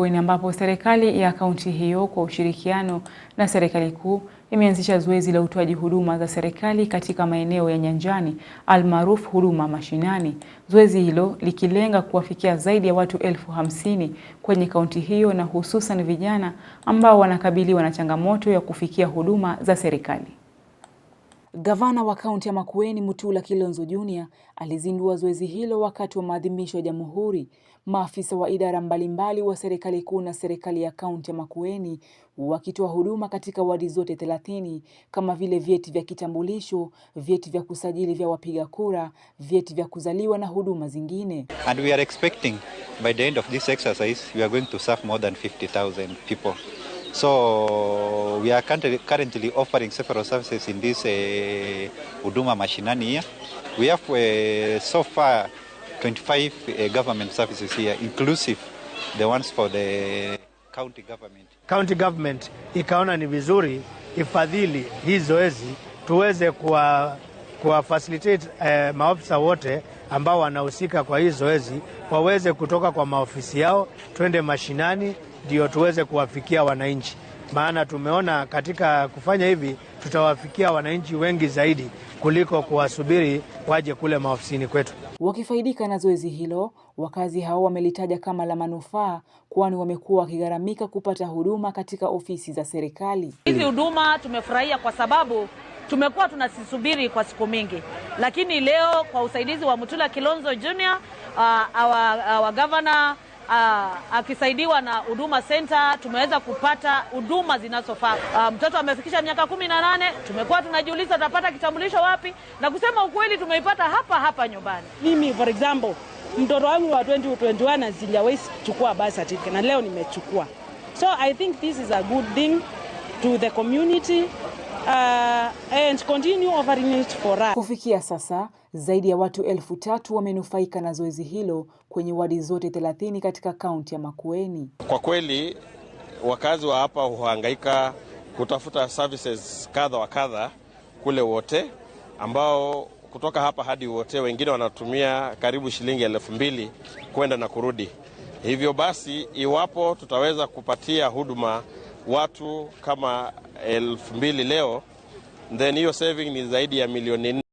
Makueni ambapo serikali ya kaunti hiyo kwa ushirikiano na serikali kuu imeanzisha zoezi la utoaji huduma za serikali katika maeneo ya nyanjani almaarufu huduma mashinani. Zoezi hilo likilenga kuwafikia zaidi ya watu elfu hamsini kwenye kaunti hiyo na hususan vijana ambao wanakabiliwa na changamoto ya kufikia huduma za serikali. Gavana wa kaunti ya Makueni Mutula Kilonzo Junior alizindua zoezi hilo wakati wa maadhimisho ya Jamhuri. Maafisa wa idara mbalimbali wa serikali kuu na serikali ya kaunti ya Makueni wakitoa huduma katika wadi zote thelathini kama vile vyeti vya kitambulisho, vyeti vya kusajili vya wapiga kura, vyeti vya kuzaliwa na huduma zingine. And we are expecting by the end of this exercise we are going to serve more than 50,000 people. So we are currently offering several services in this eh, huduma uh, mashinani here. We have uh, so far 25 uh, eh, government services here, inclusive the ones for the county government. County government ikaona ni vizuri ifadhili hii zoezi tuweze kuwa facilitate eh, maofisa wote ambao wanahusika kwa hii zoezi waweze kutoka kwa maofisi yao twende mashinani ndio tuweze kuwafikia wananchi, maana tumeona katika kufanya hivi tutawafikia wananchi wengi zaidi kuliko kuwasubiri waje kule maofisini kwetu. Wakifaidika na zoezi hilo, wakazi hao wamelitaja kama la manufaa, kwani wamekuwa wakigharamika kupata huduma katika ofisi za serikali. Hizi huduma tumefurahia kwa sababu tumekuwa tunasisubiri kwa siku mingi, lakini leo kwa usaidizi wa Mutula Kilonzo Junior, uh, our, our governor uh, akisaidiwa na Huduma senta, tumeweza kupata huduma zinazofaa. Uh, mtoto amefikisha miaka kumi na nane, tumekuwa tunajiuliza atapata kitambulisho wapi, na kusema ukweli tumeipata hapa hapa nyumbani. Mimi for example mtoto wangu wa 2021 hazijawahi kuchukua birth certificate na leo nimechukua, so I think this is a good thing to the community Uh, and continue offering it for us. Kufikia sasa zaidi ya watu elfu tatu wamenufaika na zoezi hilo kwenye wadi zote 30 katika kaunti ya Makueni. Kwa kweli wakazi wa hapa huhangaika kutafuta services kadha wa kadha kule wote, ambao kutoka hapa hadi wote, wengine wanatumia karibu shilingi elfu mbili kwenda na kurudi. Hivyo basi, iwapo tutaweza kupatia huduma watu kama elfu mbili leo, then hiyo saving ni zaidi ya milioni nne